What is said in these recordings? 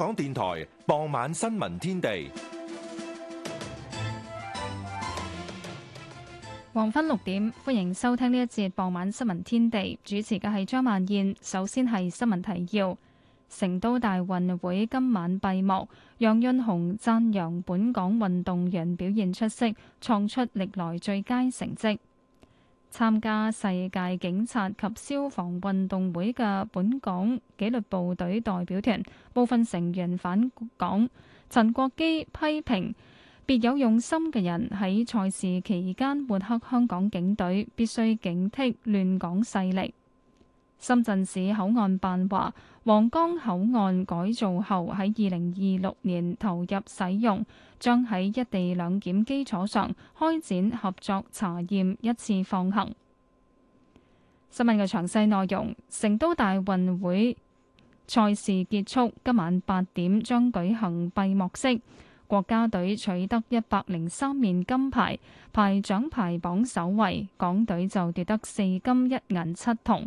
港電台傍晚新聞天地，黃昏六點，歡迎收聽呢一節傍晚新聞天地。主持嘅係張曼燕。首先係新聞提要：成都大運會今晚閉幕，楊潤雄讚揚本港運動員表現出色，創出歷來最佳成績。參加世界警察及消防運動會嘅本港紀律部隊代表團部分成員返港，陳國基批評別有用心嘅人喺賽事期間抹黑香港警隊，必須警惕亂港勢力。深圳市口岸辦話，皇崗口岸改造後喺二零二六年投入使用。將喺一地兩檢基礎上開展合作查驗，一次放行。新聞嘅詳細內容，成都大運會賽事結束，今晚八點將舉行閉幕式。國家隊取得一百零三面金牌，排獎牌榜首位。港隊就奪得四金一銀七銅。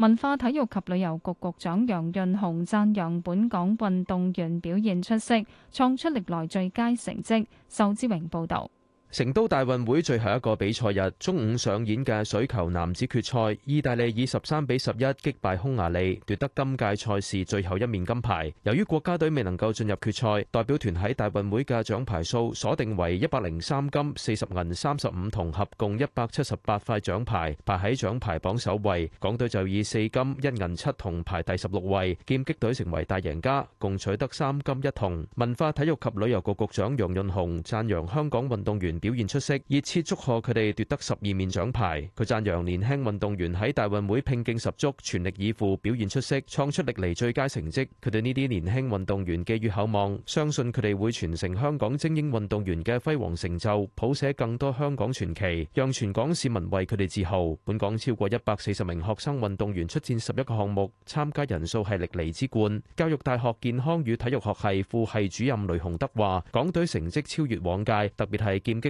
文化體育及旅遊局局長楊潤雄讚揚本港運動員表現出色，創出歷來最佳成績。仇志榮報導。成都大運會最後一個比賽日，中午上演嘅水球男子決賽，意大利以十三比十一擊敗匈牙利，奪得今屆賽事最後一面金牌。由於國家隊未能夠進入決賽，代表團喺大運會嘅獎牌數鎖定為一百零三金、四十銀、三十五銅，合共一百七十八塊獎牌，排喺獎牌榜首位。港隊就以四金一銀七銅排第十六位。劍擊隊成為大贏家，共取得三金一銅。文化體育及旅遊局局長楊潤雄讚揚香港運動員表現出色，熱切祝賀佢哋奪得十二面獎牌。佢讚揚年輕運動員喺大運會拼勁十足、全力以赴、表現出色，創出歷嚟最佳成績，佢對呢啲年輕運動員寄予厚望，相信佢哋會傳承香港精英運動員嘅輝煌成就，譜寫更多香港傳奇，讓全港市民為佢哋自豪。本港超過一百四十名學生運動員出戰十一個項目，參加人數係歷嚟之冠。教育大學健康與體育學系副系主任雷雄德話港隊成績超越往屆，特別係劍擊。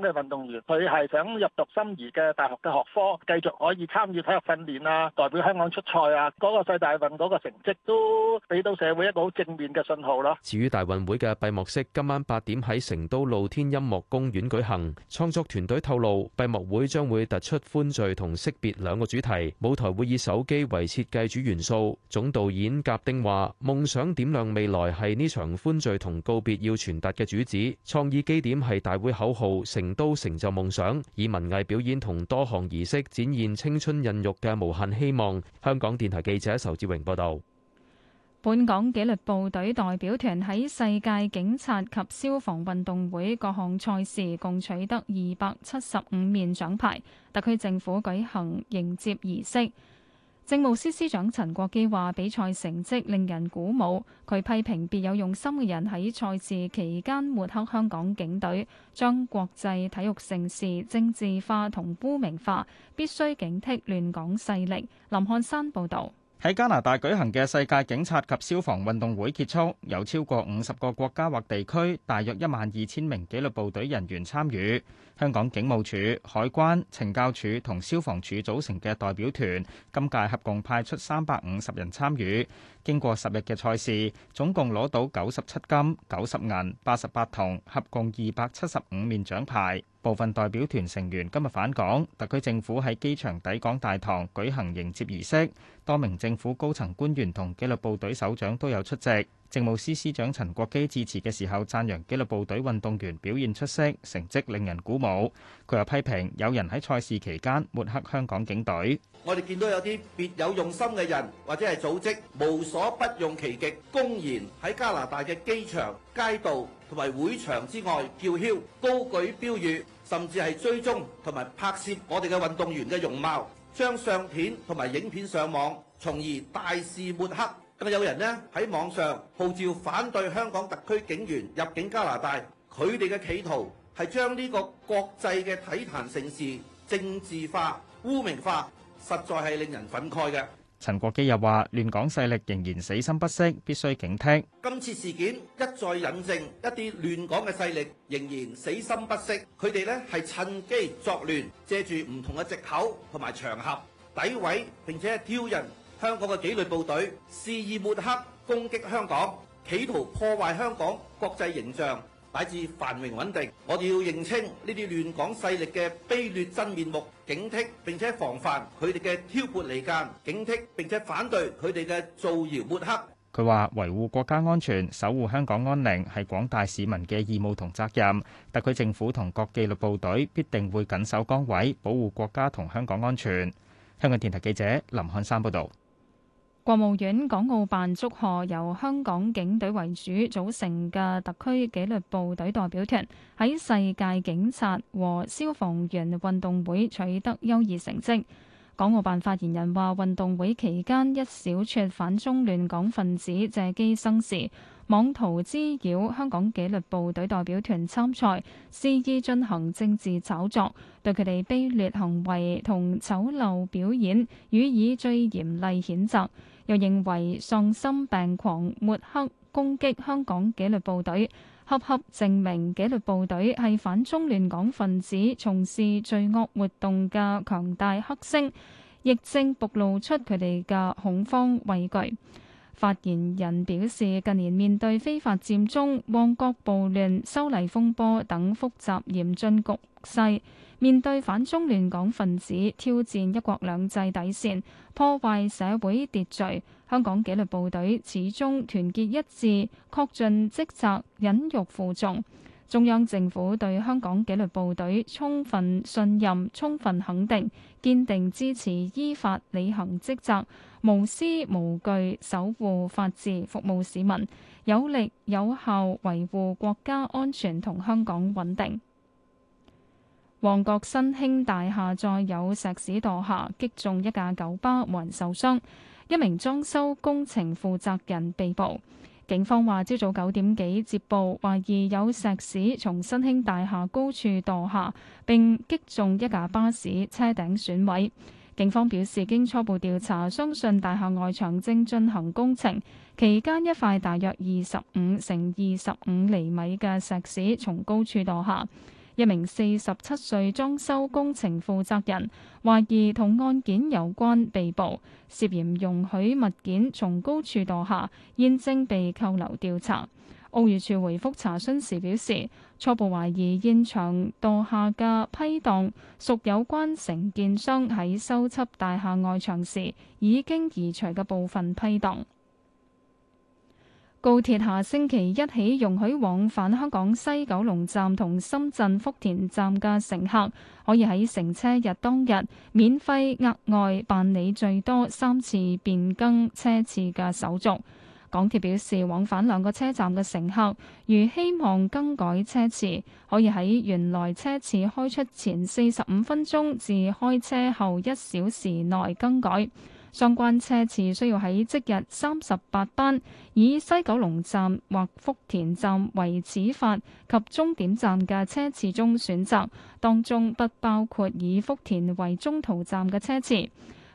嘅運動員，佢係想入讀心儀嘅大學嘅學科，繼續可以參與體育訓練啊，代表香港出賽啊，嗰個世大運嗰個成績都俾到社會一個好正面嘅信號啦。至於大運會嘅閉幕式，今晚八點喺成都露天音樂公園舉行。創作團隊透露，閉幕會將會突出歡聚同惜別兩個主題，舞台會以手機為設計主元素。總導演甲丁話：夢想點亮未來係呢場歡聚同告別要傳達嘅主旨。創意基點係大會口號成都成就夢想，以文藝表演同多項儀式展現青春孕育嘅無限希望。香港電台記者仇志榮報道。本港紀律部隊代表團喺世界警察及消防運動會各項賽事共取得二百七十五面獎牌。特區政府舉行迎接儀式。政務司司長陳國基話：比賽成績令人鼓舞。佢批評別有用心嘅人喺賽事期間抹黑香港警隊，將國際體育盛事政治化同污名化，必須警惕亂港勢力。林漢山報道：喺加拿大舉行嘅世界警察及消防運動會結束，有超過五十個國家或地區，大約一萬二千名紀律部隊人員參與。香港警務處、海關、懲教署同消防處組成嘅代表團，今屆合共派出三百五十人參與。經過十日嘅賽事，總共攞到九十七金、九十銀、八十八銅，合共二百七十五面獎牌。部分代表團成員今日返港，特區政府喺機場抵港大堂舉行迎接儀式，多名政府高層官員同紀律部隊首長都有出席。政務司司長陳國基致辭嘅時候，讚揚紀律部隊運動員表現出色，成績令人鼓舞。佢又批評有人喺賽事期間抹黑香港警隊。我哋見到有啲別有用心嘅人，或者係組織無所不用其極，公然喺加拿大嘅機場、街道同埋會場之外叫囂、高舉標語，甚至係追蹤同埋拍攝我哋嘅運動員嘅容貌，將相片同埋影片上網，從而大肆抹黑。咁有人呢喺網上號召反對香港特區警員入境加拿大，佢哋嘅企圖係將呢個國際嘅體壇盛事政治化、污名化，實在係令人憤慨嘅。陳國基又話：亂港勢力仍然死心不息，必須警惕。今次事件一再引證一啲亂港嘅勢力仍然死心不息，佢哋呢係趁機作亂，借住唔同嘅藉口同埋場合，詆毀並且挑釁。香港嘅紀律部隊肆意抹黑攻擊香港，企圖破壞香港國際形象乃至繁榮穩定。我哋要認清呢啲亂港勢力嘅卑劣真面目，警惕並且防範佢哋嘅挑撥離間，警惕並且反對佢哋嘅造謠抹黑。佢話：維護國家安全，守護香港安寧係廣大市民嘅義務同責任。特區政府同各紀律部隊必定會緊守崗位，保護國家同香港安全。香港電台記者林漢山報導。國務院港澳辦祝賀由香港警隊為主組成嘅特區紀律部隊代表團，喺世界警察和消防員運動會取得優異成績。港澳辦發言人話：運動會期間一小撮反中亂港分子借機生事。妄圖滋擾香港紀律部隊代表團參賽，肆意進行政治炒作，對佢哋卑劣行為同醜陋表演予以最嚴厲譴責，又認為喪心病狂抹黑攻擊香港紀律部隊，恰恰證明紀律部隊係反中亂港分子從事罪惡活動嘅強大黑星，亦正暴露出佢哋嘅恐慌畏懼。發言人表示，近年面對非法佔中、旺角暴亂、修例風波等複雜嚴峻局勢，面對反中亂港分子挑戰一國兩制底線、破壞社會秩序，香港紀律部隊始終團結一致，恪盡職責，忍辱負重。中央政府對香港紀律部隊充分信任、充分肯定，堅定支持依法履行職責。無私無懼守護法治，服務市民，有力有效維護國家安全同香港穩定。旺角新興大廈再有石屎墮下，擊中一架九巴，冇人受傷，一名裝修工程負責人被捕。警方話，朝早九點幾接報，懷疑有石屎從新興大廈高處墮下，並擊中一架巴士，車頂損毀。警方表示，經初步調查，相信大廈外牆正進行工程，期間一塊大約二十五乘二十五厘米嘅石屎從高處墮下。一名四十七歲裝修工程負責人懷疑同案件有關，被捕，涉嫌容許物件從高處墮下，現正被扣留調查。澳娛處回覆查詢時表示，初步懷疑現場墮下嘅批盪屬有關承建商喺修葺大廈外牆時已經移除嘅部分批盪。高鐵下星期一起容許往返香港西九龍站同深圳福田站嘅乘客，可以喺乘車日當日免費額外辦理最多三次變更車次嘅手續。港鐵表示，往返兩個車站嘅乘客如希望更改車次，可以喺原來車次開出前四十五分鐘至開車後一小時內更改。相關車次需要喺即日三十八班，以西九龍站或福田站為始發及終點站嘅車次中選擇，當中不包括以福田為中途站嘅車次。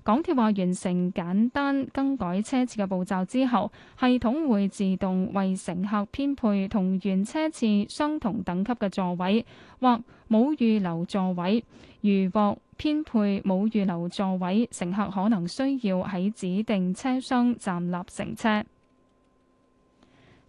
港鐵話完成簡單更改車次嘅步驟之後，系統會自動為乘客編配同原車次相同等級嘅座位，或冇預留座位。如獲編配冇預留座位，乘客可能需要喺指定車廂站立乘車。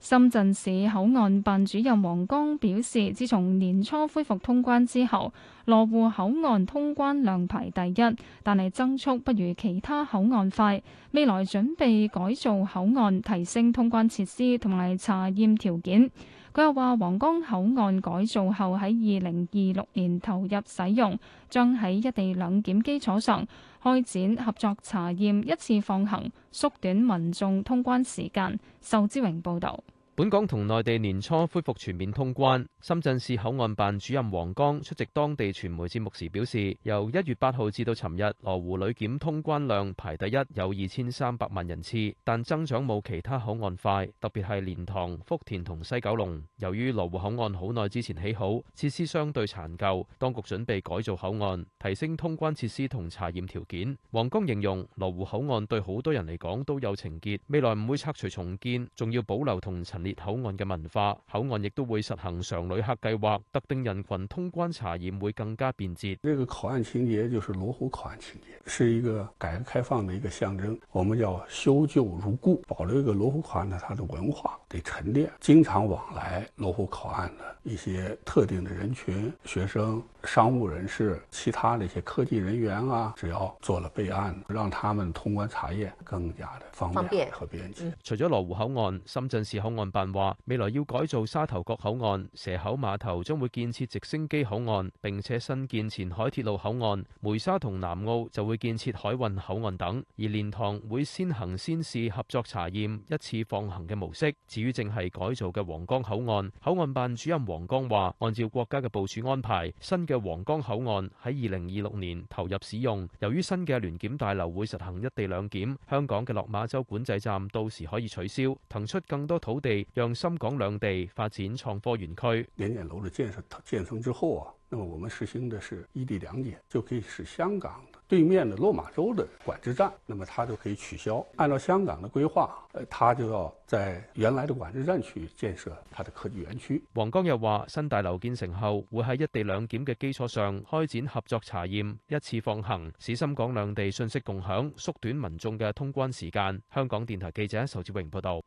深圳市口岸辦主任王江表示，自從年初恢復通關之後，羅湖口岸通關量排第一，但係增速不如其他口岸快。未來準備改造口岸，提升通關設施同埋查驗條件。佢又話皇崗口岸改造後喺二零二六年投入使用，將喺一地兩檢基礎上，開展合作查驗，一次放行，縮短民眾通關時間。仇志榮報導。本港同內地年初恢復全面通關，深圳市口岸辦主任黃江出席當地傳媒節目時表示，由一月八號至到尋日，羅湖旅檢通關量排第一，有二千三百萬人次，但增長冇其他口岸快，特別係蓮塘、福田同西九龍。由於羅湖口岸好耐之前起好，設施相對殘舊，當局準備改造口岸，提升通關設施同查驗條件。黃江形容羅湖口岸對好多人嚟講都有情結，未來唔會拆除重建，仲要保留同陳列。口岸嘅文化，口岸亦都會實行常旅客計劃，特定人群通關查驗會更加便捷。這個口岸情節就是羅湖口岸情節，是一個改革開放嘅一個象徵。我們叫修舊如故，保留一個羅湖口岸呢，它的文化嘅沉澱，經常往來羅湖口岸的一些特定嘅人群，學生。商務人士、其他那些科技人員啊，只要做了備案，讓他們通關查驗更加的方便，方便、嗯、除咗羅湖口岸，深圳市口岸辦話，未來要改造沙頭角口岸、蛇口碼頭，將會建設直升機口岸，並且新建前海鐵路口岸、梅沙同南澳就會建設海運口岸等。而蓮塘會先行先試合作查驗一次放行嘅模式。至於正係改造嘅皇崗口岸，口岸辦主任黃江話，按照國家嘅部署安排，新嘅皇崗口岸喺二零二六年投入使用。由於新嘅聯檢大樓會實行一地兩檢，香港嘅落馬洲管制站到時可以取消，騰出更多土地，讓深港兩地發展創科園區。聯檢樓嘅建設建成之後啊，那麼我們實行的是一地兩檢，就可以使香港。對面的落馬洲的管制站，那麼它就可以取消。按照香港的規劃，誒，它就要在原來的管制站去建設它的科技園區。黃江又話：新大樓建成後，會喺一地兩檢嘅基礎上開展合作查驗，一次放行，使深港兩地信息共享，縮短民眾嘅通關時間。香港電台記者仇志榮報道。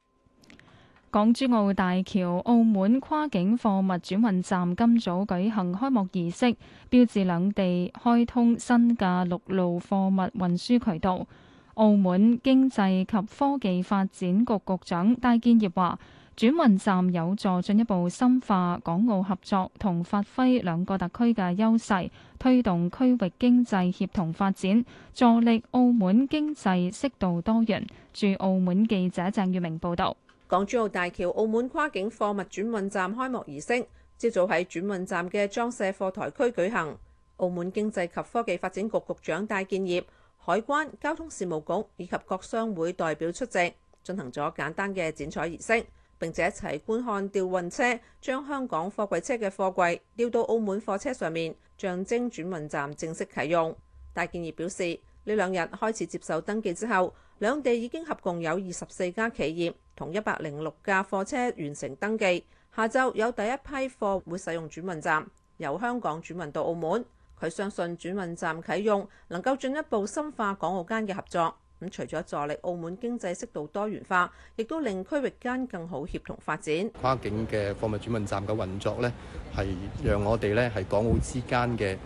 港珠澳大橋、澳門跨境貨物轉運站今早舉行開幕儀式，標誌兩地開通新嘅陸路貨物運輸渠道。澳門經濟及科技發展局局長戴建業話：轉運站有助進一步深化港澳合作，同發揮兩個特區嘅優勢，推動區域經濟協同發展，助力澳門經濟適度多元。駐澳門記者鄭月明報道。港珠澳大橋澳門跨境貨物轉運站開幕儀式，朝早喺轉運站嘅裝卸貨台區舉行。澳門經濟及科技發展局局長戴建業、海關、交通事務局以及各商會代表出席，進行咗簡單嘅剪彩儀式，並且一齊觀看吊運車將香港貨櫃車嘅貨櫃吊到澳門貨車上面，象徵轉運站正式啟用。戴建業表示。呢兩日開始接受登記之後，兩地已經合共有二十四家企業同一百零六架貨車完成登記。下晝有第一批貨會使用轉運站，由香港轉運到澳門。佢相信轉運站啟用能夠進一步深化港澳間嘅合作。咁除咗助力澳門經濟適度多元化，亦都令區域間更好協同發展。跨境嘅貨物轉運站嘅運作呢，係讓我哋呢係港澳之間嘅。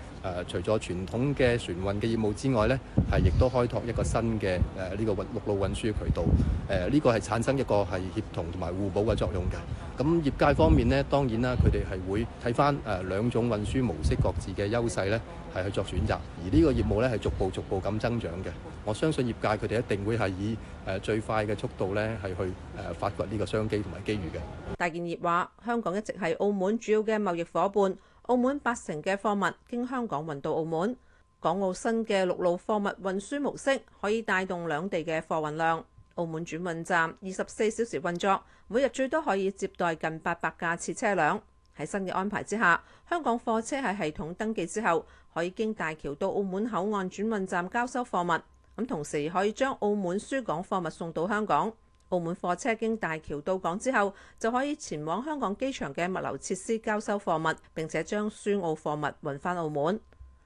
誒，除咗傳統嘅船運嘅業務之外呢，係亦都開拓一個新嘅誒呢個運陸路運輸渠道。誒、啊、呢、呢個係產生一個係協同同埋互補嘅作用嘅。咁業界方面呢，當然啦，佢哋係會睇返誒兩種運輸模式各自嘅優勢呢，係去作選擇。而呢個業務呢，係逐步逐步咁增長嘅。我相信業界佢哋一定會係以誒最快嘅速度呢，係去誒發掘呢個商機同埋機遇嘅。大健業話：香港一直係澳門主要嘅貿易伙伴。澳門八成嘅貨物經香港運到澳門，港澳新嘅陸路貨物運輸模式可以帶動兩地嘅貨運量。澳門轉運站二十四小時運作，每日最多可以接待近八百架次車輛。喺新嘅安排之下，香港貨車喺系統登記之後，可以經大橋到澳門口岸轉運站交收貨物，咁同時可以將澳門輸港貨物送到香港。澳門貨車經大橋到港之後，就可以前往香港機場嘅物流設施交收貨物，並且將輸澳貨物運翻澳門。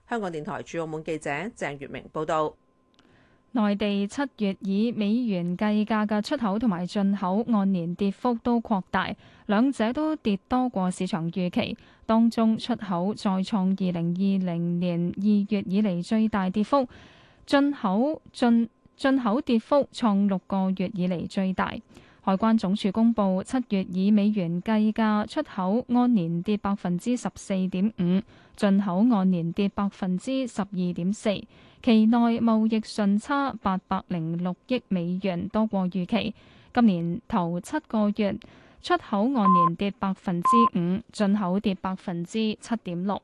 香港電台駐澳門記者鄭月明報道。內地七月以美元計價嘅出口同埋進口按年跌幅都擴大，兩者都跌多過市場預期。當中出口再創二零二零年二月以嚟最大跌幅，進口進。進口跌幅創六個月以嚟最大，海關總署公布，七月以美元計價出口按年跌百分之十四點五，進口按年跌百分之十二點四，期內貿易順差八百零六億美元多過預期。今年頭七個月，出口按年跌百分之五，進口跌百分之七點六。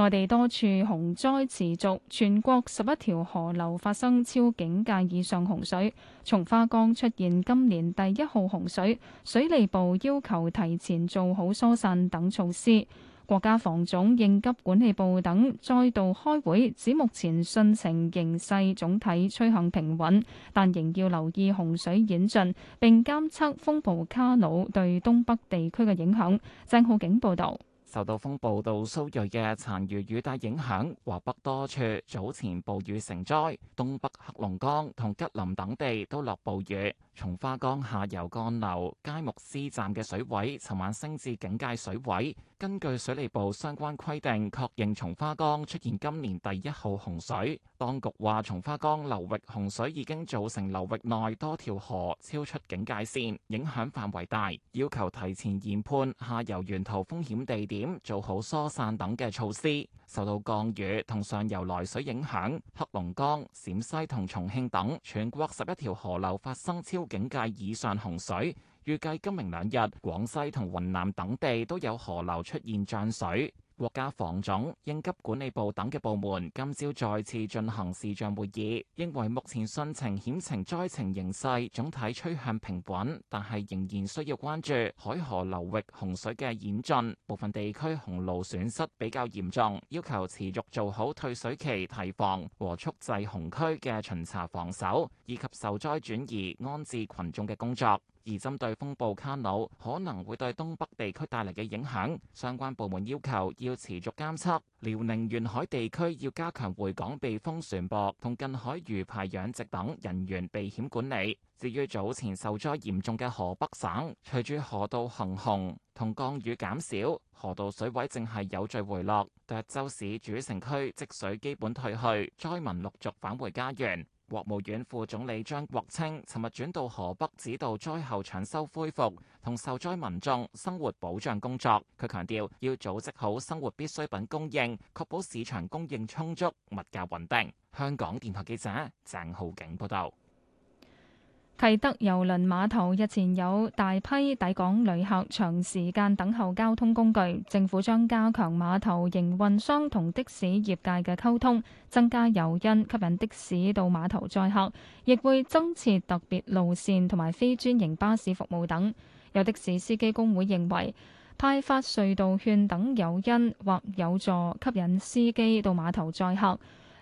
內地多處洪災持續，全國十一條河流發生超警戒以上洪水，松花江出現今年第一號洪水，水利部要求提前做好疏散等措施。國家防總、應急管理部等再度開會，指目前汛情形勢總體趨向平穩，但仍要留意洪水演進，並監測風暴卡努對東北地區嘅影響。鄭浩景報道。受到風暴杜蘇芮嘅殘餘雨帶影響，華北多處早前暴雨成災，東北黑龍江同吉林等地都落暴雨。松花江下游幹流佳木斯站嘅水位，尋晚升至警戒水位。根據水利部相關規定，確認松花江出現今年第一號洪水。當局話，松花江流域洪水已經造成流域內多條河超出警戒線，影響範圍大，要求提前研判下游沿途風險地點，做好疏散等嘅措施。受到降雨同上游來水影響，黑龍江、陝西同重慶等全國十一條河流發生超警戒以上洪水，預計今明兩日，廣西同雲南等地都有河流出現漲水。國家防總、應急管理部等嘅部門今朝再次進行視像會議，認為目前汛情、險情、災情形勢總體趨向平穩，但係仍然需要關注海河流域洪水嘅演進，部分地區洪澇損失比較嚴重，要求持續做好退水期堤防和蓄滯洪區嘅巡查防守，以及受災轉移安置群眾嘅工作。而針對風暴卡努可能會對東北地區帶嚟嘅影響，相關部門要求要持續監測，遼寧沿海地區要加強回港避風船舶同近海漁排養殖等人員避險管理。至於早前受災嚴重嘅河北省，隨住河道行洪同降雨減少，河道水位正係有序回落，涿州市主城區積水基本退去，災民陸續返回家園。國務院副總理張國清尋日轉到河北指導災後搶修恢復同受災民眾生活保障工作，佢強調要組織好生活必需品供應，確保市場供應充足、物價穩定。香港電台記者鄭浩景報道。啟德郵輪碼頭日前有大批抵港旅客長時間等候交通工具，政府將加強碼頭營運商同的士業界嘅溝通，增加誘因吸引的士到碼頭載客，亦會增設特別路線同埋非專營巴士服務等。有的士司機工會認為派發隧道券等誘因或有助吸引司機到碼頭載客。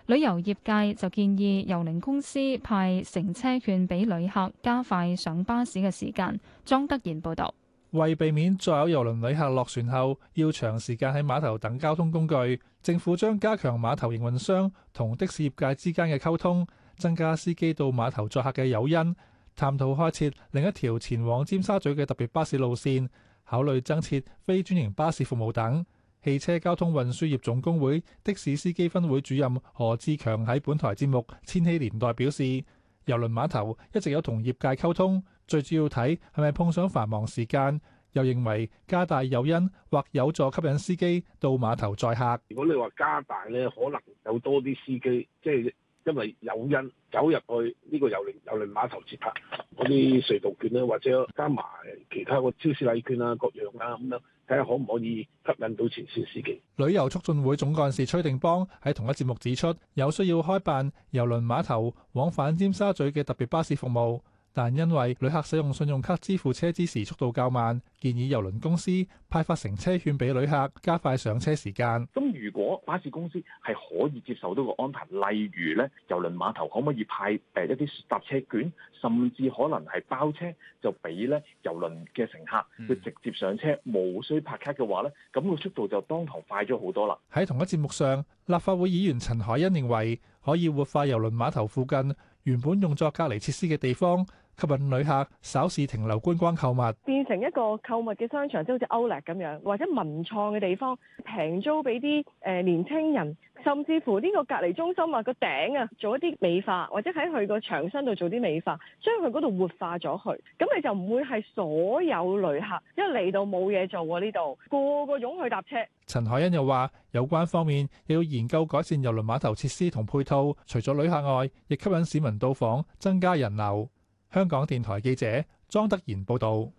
旅遊業界就建議郵輪公司派乘車券俾旅客，加快上巴士嘅時間。莊德賢報道。為避免再有郵輪旅客落船後要長時間喺碼頭等交通工具，政府將加強碼頭營運商同的士業界之間嘅溝通，增加司機到碼頭載客嘅誘因，探討開設另一條前往尖沙咀嘅特別巴士路線，考慮增設非專營巴士服務等。汽車交通運輸業總工會的士司機分會主任何志強喺本台節目《千禧年代》表示，郵輪碼頭一直有同業界溝通，最主要睇係咪碰上繁忙時間。又認為加大誘因或有助吸引司機到碼頭載客。如果你話加大呢，可能有多啲司機，即係。因為有人走入去呢個郵輪、郵輪碼頭接客嗰啲隧道券咧，或者加埋其他個超市禮券啊，各樣啦，咁樣睇下可唔可以吸引到前線司機。旅遊促進會總幹事崔定邦喺同一節目指出，有需要開辦郵輪碼頭往返尖沙咀嘅特別巴士服務。但因為旅客使用信用卡支付車資時速度較慢，建議郵輪公司派發乘車券俾旅客加快上車時間。咁如果巴士公司係可以接受到個安排，例如咧郵輪碼頭可唔可以派誒一啲搭車券，甚至可能係包車就俾咧郵輪嘅乘客去、嗯、直接上車，無需拍卡嘅話咧，咁個速度就當堂快咗好多啦。喺同一節目上，立法會議員陳海恩認為可以活化郵輪碼頭附近。原本用作隔離設施嘅地方。吸引旅客稍事停留、觀光購物，變成一個購物嘅商場，即好似歐力咁樣，或者文創嘅地方，平租俾啲誒年青人，甚至乎呢個隔離中心啊個頂啊，做一啲美化，或者喺佢個牆身度做啲美化，將佢嗰度活化咗。去咁你就唔會係所有旅客一嚟到冇嘢做喎。呢度個個湧去搭車。陳海欣又話：有關方面要研究改善郵輪碼頭設施同配套，除咗旅客外，亦吸引市民到訪，增加人流。香港電台記者莊德賢報道，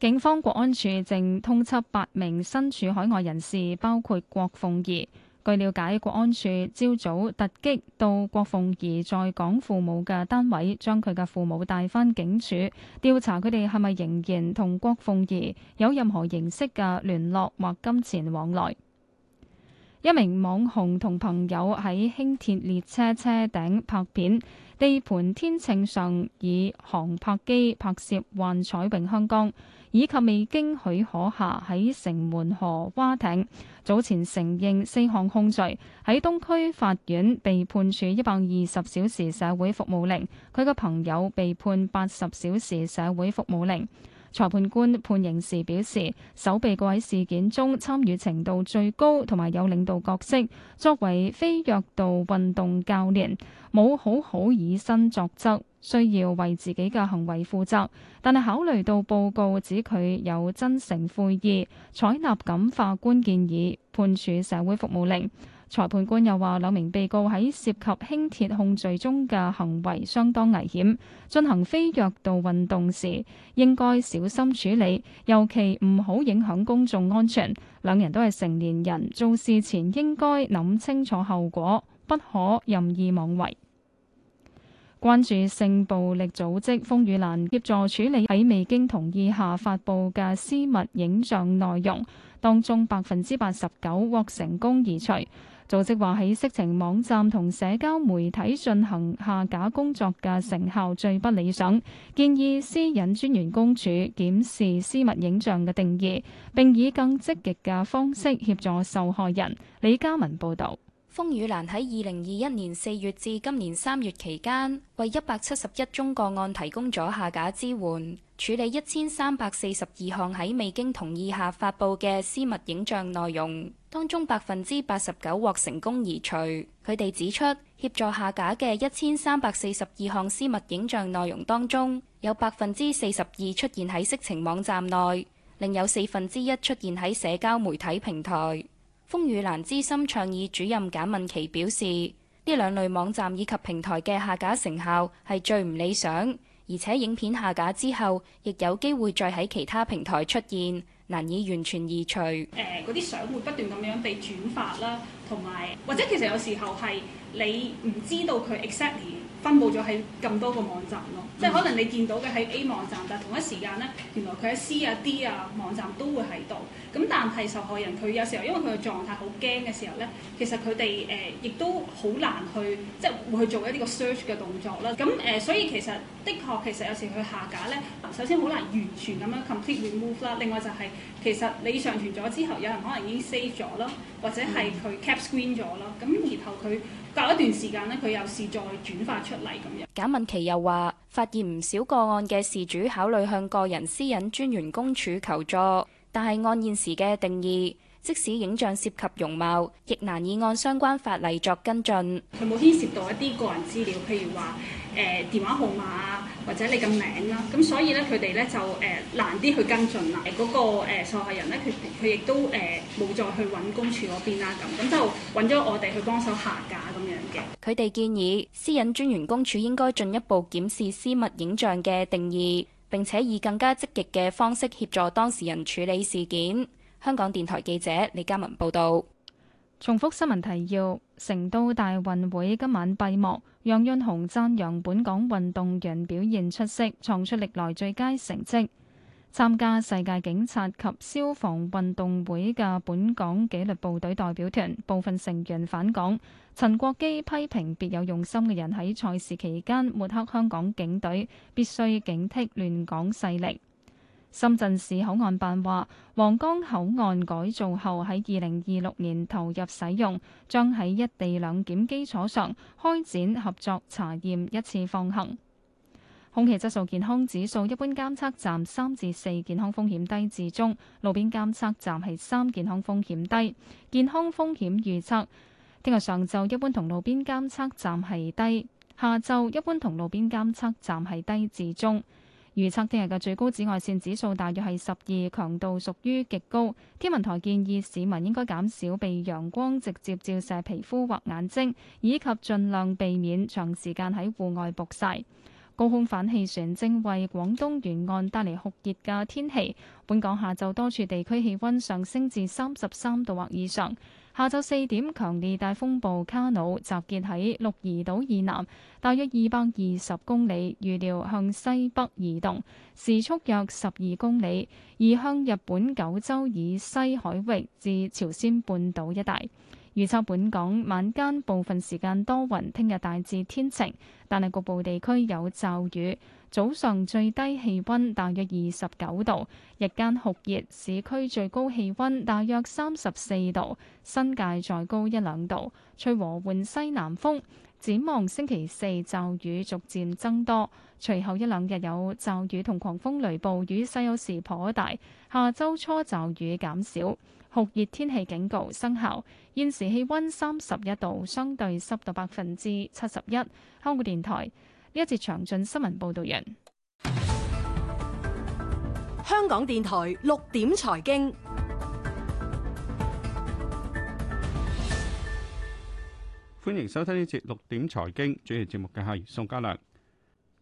警方國安處正通緝八名身處海外人士，包括郭鳳儀。據了解，國安處朝早突擊到郭鳳儀在港父母嘅單位，將佢嘅父母帶返警署調查，佢哋係咪仍然同郭鳳儀有任何形式嘅聯絡或金錢往來？一名網紅同朋友喺輕鐵列車車頂拍片，地盤天秤上以航拍機拍攝幻彩詠香江，以及未經許可下喺城門河划艇。早前承認四項控罪，喺東區法院被判處一百二十小時社會服務令，佢嘅朋友被判八十小時社會服務令。裁判官判刑時表示，首被告喺事件中參與程度最高，同埋有領導角色，作為非柔道運動教練，冇好好以身作則，需要為自己嘅行為負責，但係考慮到報告指佢有真誠悔意，採納感化官建議，判處社會服務令。裁判官又話：兩名被告喺涉及輕鐵控罪中嘅行為相當危險，進行飛躍道運動時應該小心處理，尤其唔好影響公眾安全。兩人都係成年人，做事前應該諗清楚後果，不可任意妄為。關注性暴力組織風雨蘭協助處理喺未經同意下發布嘅私密影像內容，當中百分之八十九獲成功移除。組織話喺色情網站同社交媒體進行下架工作嘅成效最不理想，建議私隱專員公署檢視私密影像嘅定義，並以更積極嘅方式協助受害人。李嘉文報導。風雨蘭喺二零二一年四月至今年三月期間，為一百七十一宗個案提供咗下架支援，處理一千三百四十二項喺未經同意下發布嘅私密影像內容，當中百分之八十九獲成功移除。佢哋指出，協助下架嘅一千三百四十二項私密影像內容當中，有百分之四十二出現喺色情網站內，另有四分之一出現喺社交媒體平台。風雨蘭資深倡議主任簡敏琪表示：呢兩類網站以及平台嘅下架成效係最唔理想，而且影片下架之後，亦有機會再喺其他平台出現，難以完全移除。誒、呃，嗰啲相會不斷咁樣被轉發啦，同埋或者其實有時候係你唔知道佢 exactly。分布咗喺咁多個網站咯，即係可能你見到嘅喺 A 網站，但係同一時間咧，原來佢喺 C 啊 D 啊網站都會喺度。咁但係受害人佢有時候因為佢嘅狀態好驚嘅時候咧，其實佢哋誒亦都好難去即係會去做一啲個 search 嘅動作啦。咁誒、呃，所以其實的確其實有時佢下架咧，首先好難完全咁樣 completely remove 啦。另外就係、是、其實你上傳咗之後，有人可能已經 save 咗啦，或者係佢 cap screen 咗啦。咁、嗯、然後佢。隔一段時間咧，佢又試再轉發出嚟咁樣。簡敏琪又話：發現唔少個案嘅事主考慮向個人私隱專員公署求助，但係按現時嘅定義，即使影像涉及容貌，亦難以按相關法例作跟進。佢冇牽涉到一啲個人資料，譬如話誒、呃、電話號碼啊。或者你嘅名啦，咁所以咧佢哋咧就誒難啲去跟進啦。嗰個誒受害人咧，佢佢亦都誒冇再去揾公署嗰邊啦，咁咁就揾咗我哋去幫手下架咁樣嘅。佢哋建議私隱專員公署應該進一步檢視私密影像嘅定義，並且以更加積極嘅方式協助當事人處理事件。香港電台記者李嘉文報道。重複新聞提要：成都大運會今晚閉幕，楊潤雄讚揚本港運動員表現出色，創出歷來最佳成績。參加世界警察及消防運動會嘅本港紀律部隊代表團部分成員返港，陳國基批評別有用心嘅人喺賽事期間抹黑香港警隊，必須警惕亂港勢力。深圳市口岸辦話皇崗口岸改造後喺二零二六年投入使用，將喺一地兩檢基礎上開展合作查驗一次放行。空氣質素健康指數一般監測站三至四健康風險低至中，路邊監測站係三健康風險低。健康風險預測聽日上晝一般同路邊監測站係低，下晝一般同路邊監測站係低至中。預測聽日嘅最高紫外線指數大約係十二，強度屬於極高。天文台建議市民應該減少被陽光直接照射皮膚或眼睛，以及盡量避免長時間喺戶外曝曬。高空反氣旋正為廣東沿岸帶嚟酷熱嘅天氣，本港下晝多處地區氣温上升至三十三度或以上。下晝四點，強烈大風暴卡努集結喺鹿兒島以南，大約二百二十公里，預料向西北移動，時速約十二公里，移向日本九州以西海域至朝鮮半島一帶。預測本港晚間部分時間多雲，聽日大致天晴，但係局部地區有驟雨。早上最低氣温大約二十九度，日間酷熱，市區最高氣温大約三十四度，新界再高一兩度。吹和緩西南風。展望星期四，驟雨逐漸增多，隨後一兩日有驟雨同狂風雷暴，雨勢有時頗大。下周初驟雨減少，酷熱天氣警告生效。現時氣温三十一度，相對濕度百分之七十一。香港電台。一節詳盡新聞報道人，香港電台六點財經，歡迎收聽呢節六點財經，主持節目嘅係宋家良。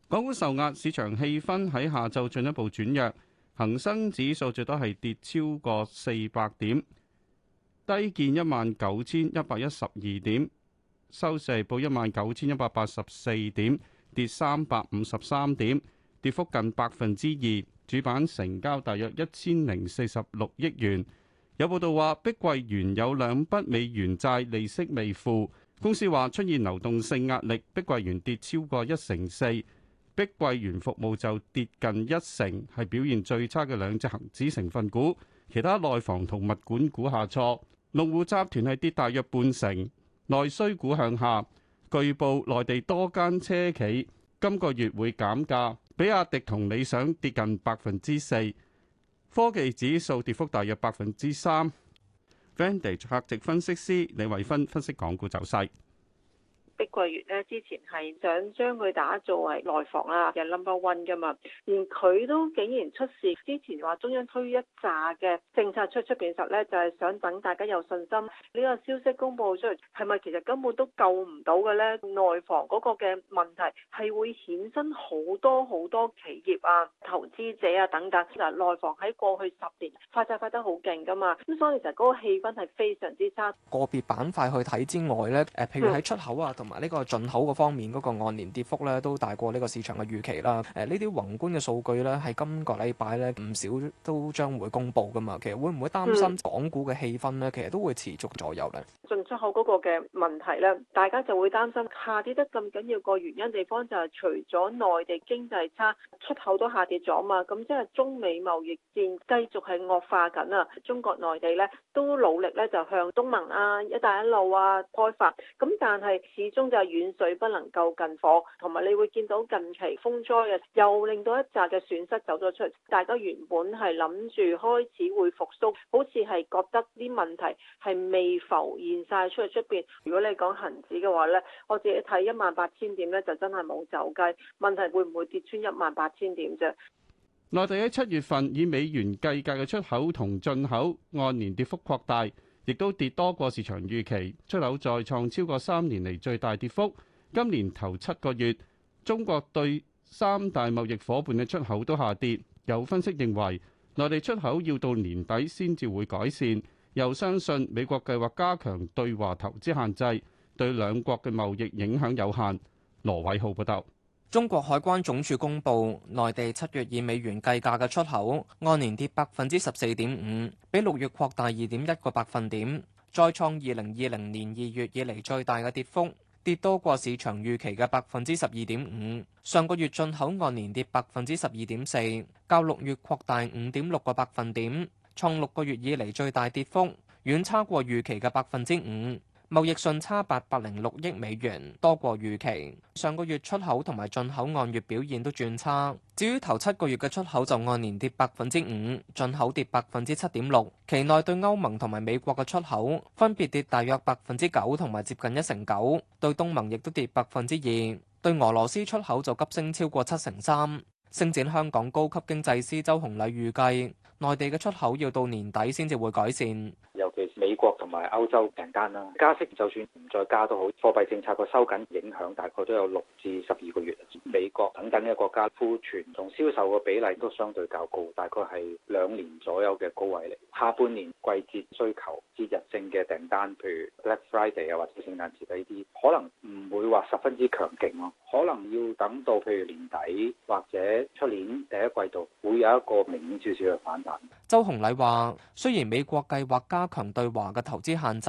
港股受壓，市場氣氛喺下晝進一步轉弱，恒生指數最多係跌超過四百點，低見一萬九千一百一十二點，收市係報一萬九千一百八十四點。跌三百五十三點，跌幅近百分之二。主板成交大約一千零四十六億元。有報道話，碧桂園有兩筆美元債利息未付。公司話出現流動性壓力，碧桂園跌超過一成四，碧桂園服務就跌近一成，係表現最差嘅兩隻恒指成分股。其他內房同物管股下挫，農戶集團係跌大約半成，內需股向下。據報，內地多間車企今個月會減價，比亞迪同理想跌近百分之四，科技指數跌幅大約百分之三。Vandy 客席分析師李慧芬分析港股走勢。碧桂園咧之前係想將佢打造為內房啦，嘅 number one 噶嘛，而佢都竟然出事。之前話中央推一揸嘅政策出出邊實咧，就係想等大家有信心。呢個消息公布出嚟，係咪其實根本都救唔到嘅咧？內房嗰個嘅問題係會衍生好多好多企業啊、投資者啊等等。嗱，內房喺過去十年發債發得好勁噶嘛，咁所以其實嗰個氣氛係非常之差。個別板塊去睇之外咧，誒，譬如喺出口啊同埋呢個進口個方面嗰個按年跌幅咧都大過呢個市場嘅預期啦。誒，呢啲宏觀嘅數據咧係今個禮拜咧唔少都將會公布噶嘛。其實會唔會擔心港股嘅氣氛咧，其實都會持續左右咧。嗯、進出口嗰個嘅問題咧，大家就會擔心下跌得咁緊要個原因地方就係除咗內地經濟差，出口都下跌咗啊嘛。咁即係中美貿易戰繼續係惡化緊啊。中國內地咧都努力咧就向東盟啊、一帶一路啊開發，咁但係市中就係遠水不能夠近火，同埋你會見到近期風災嘅，又令到一紮嘅損失走咗出嚟。大家原本係諗住開始會復甦，好似係覺得啲問題係未浮現晒出去出邊。如果你講恒指嘅話咧，我自己睇一萬八千點咧，就真係冇走雞。問題會唔會跌穿一萬八千點啫？內地喺七月份以美元計價嘅出口同進口按年跌幅擴大。亦都跌多過市場預期，出口再創超過三年嚟最大跌幅。今年頭七個月，中國對三大貿易伙伴嘅出口都下跌。有分析認為，內地出口要到年底先至會改善。又相信美國計劃加強對華投資限制，對兩國嘅貿易影響有限。羅偉浩報道。中國海關總署公布，內地七月以美元計價嘅出口按年跌百分之十四點五，比六月擴大二點一個百分點，再創二零二零年二月以嚟最大嘅跌幅，跌多過市場預期嘅百分之十二點五。上個月進口按年跌百分之十二點四，較六月擴大五點六個百分點，創六個月以嚟最大跌幅，遠超過預期嘅百分之五。貿易順差八百零六億美元，多過預期。上個月出口同埋進口按月表現都轉差。至於頭七個月嘅出口就按年跌百分之五，進口跌百分之七點六。期內對歐盟同埋美國嘅出口分別跌大約百分之九同埋接近一成九，對東盟亦都跌百分之二，對俄羅斯出口就急升超過七成三。星展香港高級經濟師周洪禮預計，內地嘅出口要到年底先至會改善。尤其是美國。同埋歐洲訂單啦，加息就算唔再加都好，貨幣政策個收緊影響大概都有六至十二個月。美國等等嘅國家，庫存同銷售個比例都相對較高，大概係兩年左右嘅高位嚟。下半年季節需求、節日性嘅訂單，譬如 Black Friday 啊，或者聖誕節嘅呢啲，可能唔會話十分之強勁咯。可能要等到譬如年底或者出年第一季度，會有一個明顯少少嘅反彈。周鴻禮話：雖然美國計劃加強對華嘅投，之限制，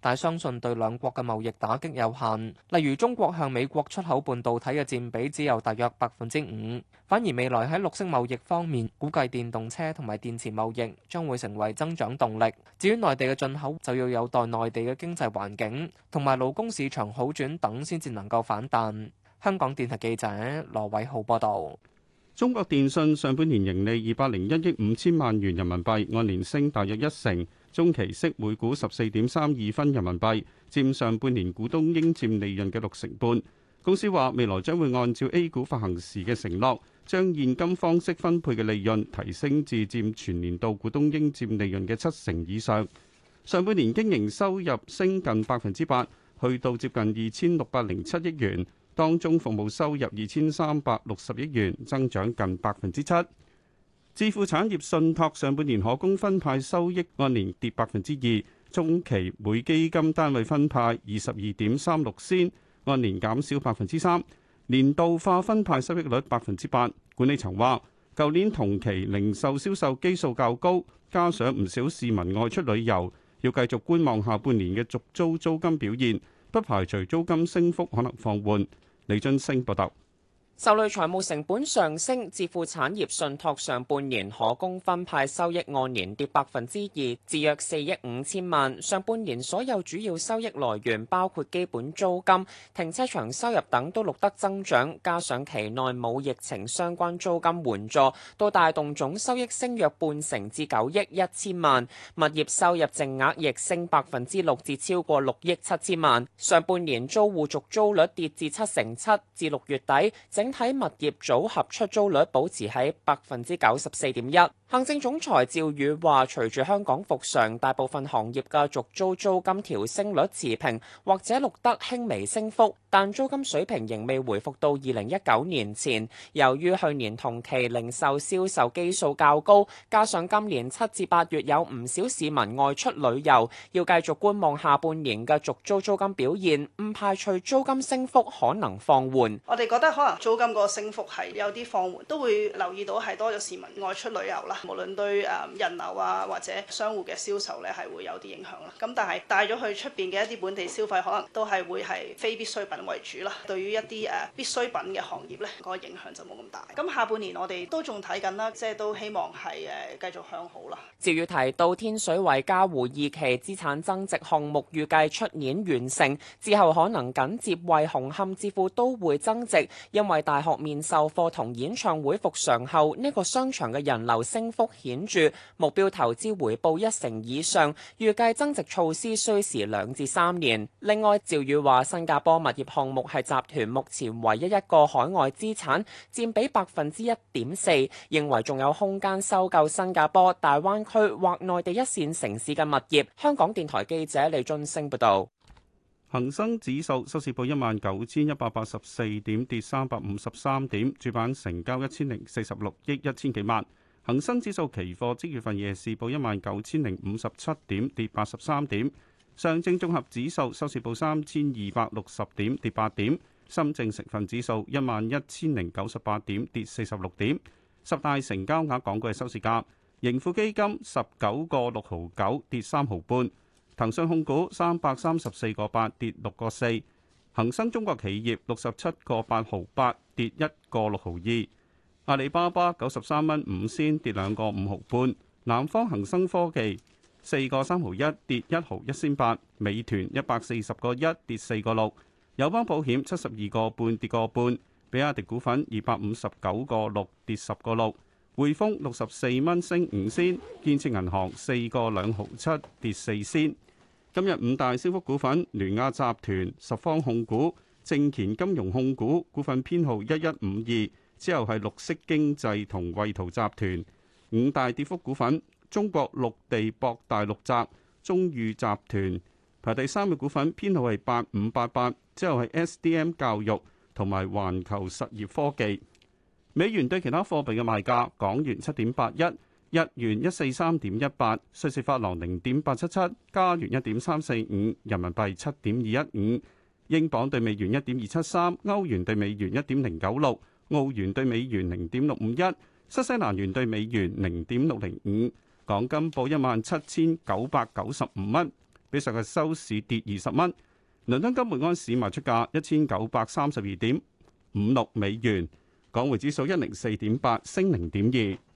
但係相信對兩國嘅貿易打擊有限。例如，中國向美國出口半導體嘅佔比只有大約百分之五，反而未來喺綠色貿易方面，估計電動車同埋電池貿易將會成為增長動力。至於內地嘅進口，就要有待內地嘅經濟環境同埋勞工市場好轉等先至能夠反彈。香港電台記者羅偉浩報道。中國電信上半年盈利二百零一億五千萬元人民幣，按年升大約一成。中期息每股十四點三二分人民幣，佔上半年股東應佔利潤嘅六成半。公司話未來將會按照 A 股發行時嘅承諾，將現金方式分配嘅利潤提升至佔全年度股東應佔利潤嘅七成以上。上半年經營收入升近百分之八，去到接近二千六百零七億元，當中服務收入二千三百六十億元，增長近百分之七。置富產業信託上半年可供分派收益按年跌百分之二，中期每基金單位分派二十二點三六仙，按年減少百分之三，年度化分派收益率百分之八。管理層話：舊年同期零售銷售基數較高，加上唔少市民外出旅遊，要繼續觀望下半年嘅續租租金表現，不排除租金升幅可能放緩。李津升報道。受累財務成本上升，置富產業信託上半年可供分派收益按年跌百分之二，至約四億五千萬。上半年所有主要收益來源，包括基本租金、停車場收入等，都錄得增長。加上期內冇疫情相關租金援助，都帶動總收益升約半成至九億一千萬。物業收入淨額亦升百分之六至超過六億七千萬。上半年租戶續租率跌至七成七，至六月底。整體物業組合出租率保持喺百分之九十四點一。行政總裁趙宇話，隨住香港復常，大部分行業嘅續租租金調升率持平或者錄得輕微升幅，但租金水平仍未回復到二零一九年前。由於去年同期零售銷，銷售基數較高，加上今年七至八月有唔少市民外出旅遊，要繼續觀望下半年嘅續租租金表現，唔排除租金升幅可能放緩。我哋覺得可能做。租金個升幅係有啲放緩，都會留意到係多咗市民外出旅遊啦，無論對誒人流啊或者商戶嘅銷售咧係會有啲影響啦。咁但係帶咗去出邊嘅一啲本地消費，可能都係會係非必需品為主啦。對於一啲誒必需品嘅行業咧，個影響就冇咁大。咁下半年我哋都仲睇緊啦，即係都希望係誒繼續向好啦。趙宇提到，天水圍嘉湖二期資產增值項目預計出年完成之後，可能緊接惠紅磡置富都會增值，因為大學面授課同演唱會復常後，呢個商場嘅人流升幅顯著，目標投資回報一成以上，預計增值措施需時兩至三年。另外，趙宇話新加坡物業項目係集團目前唯一一個海外資產佔比百分之一點四，認為仲有空間收購新加坡、大灣區或內地一線城市嘅物業，香港電台記者李俊升報道。恒生指數收市報一萬九千一百八十四點，跌三百五十三點，主板成交一千零四十六億一千幾萬。恒生指數期貨即月份夜市報一萬九千零五十七點，跌八十三點。上證綜合指數收市報三千二百六十點，跌八點。深證成分指數一萬一千零九十八點，跌四十六點。十大成交額港股嘅收市價，盈富基金十九個六毫九，跌三毫半。騰訊控股三百三十四個八，跌六個四，恒生中國企業六十七個八毫八，跌一個六毫二，阿里巴巴九十三蚊五仙，跌兩個五毫半，南方恒生科技四個三毫一，跌一毫一仙八，美團一百四十個一，跌四個六，友邦保險七十二個半，跌個半，比亞迪股份二百五十九個六，跌十個六，匯豐六十四蚊升五仙，建設銀行四個兩毫七，跌四仙。今日五大升幅股份：聯亞集團、十方控股、正乾金融控股股份編號一一五二。之後係綠色經濟同惠陶集團。五大跌幅股份：中國綠地博、大陸集、中譽集團。排第三嘅股份編號係八五八八。之後係 S D M 教育同埋環球實業科技。美元對其他貨幣嘅賣價：港元七點八一。日元一四三點一八，瑞士法郎零點八七七，加元一點三四五，人民幣七點二一五，英鎊對美元一點二七三，歐元對美元一點零九六，澳元對美元零點六五一，新西蘭元對美元零點六零五。港金報一萬七千九百九十五蚊，比上日收市跌二十蚊。倫敦金每盎司賣出價一千九百三十二點五六美元。港匯指數一零四點八，升零點二。